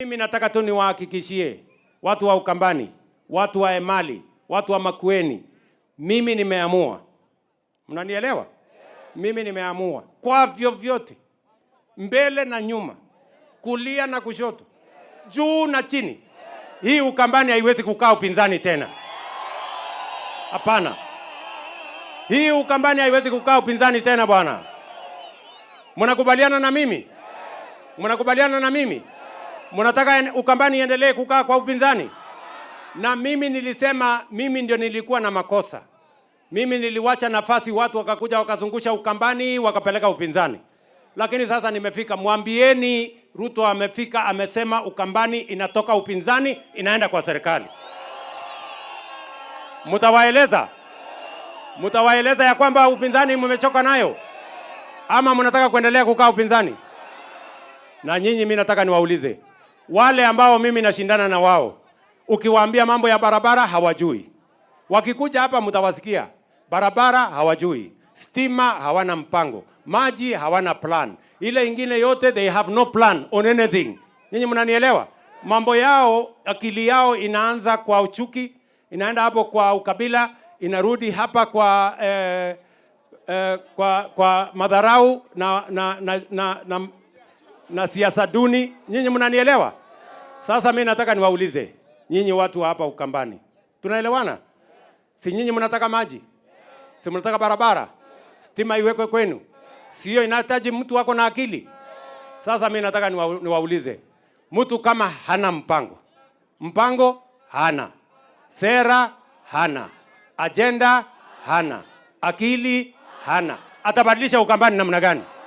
Mimi nataka tu niwahakikishie watu wa Ukambani, watu wa Emali, watu wa Makueni, mimi nimeamua, mnanielewa? Mimi nimeamua kwa vyovyote, mbele na nyuma, kulia na kushoto, juu na chini, hii Ukambani haiwezi kukaa upinzani tena. Hapana, hii Ukambani haiwezi kukaa upinzani tena bwana. Mnakubaliana na mimi? Mnakubaliana na mimi? Mnataka Ukambani iendelee kukaa kwa upinzani? Na mimi nilisema, mimi ndio nilikuwa na makosa. Mimi niliwacha nafasi watu wakakuja wakazungusha Ukambani wakapeleka upinzani, lakini sasa nimefika. Mwambieni Ruto amefika, amesema Ukambani inatoka upinzani inaenda kwa serikali. Mtawaeleza, mtawaeleza ya kwamba upinzani mmechoka nayo, ama mnataka kuendelea kukaa upinzani? Na nyinyi, mimi nataka niwaulize wale ambao mimi nashindana na wao, ukiwaambia mambo ya barabara hawajui. Wakikuja hapa mtawasikia, barabara hawajui, stima hawana mpango, maji hawana plan, ile ingine yote they have no plan on anything. Nyinyi mnanielewa? Mambo yao, akili yao inaanza kwa uchuki, inaenda hapo kwa ukabila, inarudi hapa kwa eh, eh, kwa, kwa madharau na, na, na, na, na, na siasa duni. Nyinyi mnanielewa? Sasa mimi nataka niwaulize nyinyi watu hapa Ukambani, tunaelewana? Si nyinyi mnataka maji, si mnataka barabara, stima iwekwe kwenu, sio? Inahitaji mtu wako na akili. Sasa mimi nataka niwaulize, mtu kama hana mpango, mpango hana, sera hana, ajenda hana, akili hana, atabadilisha Ukambani namna gani?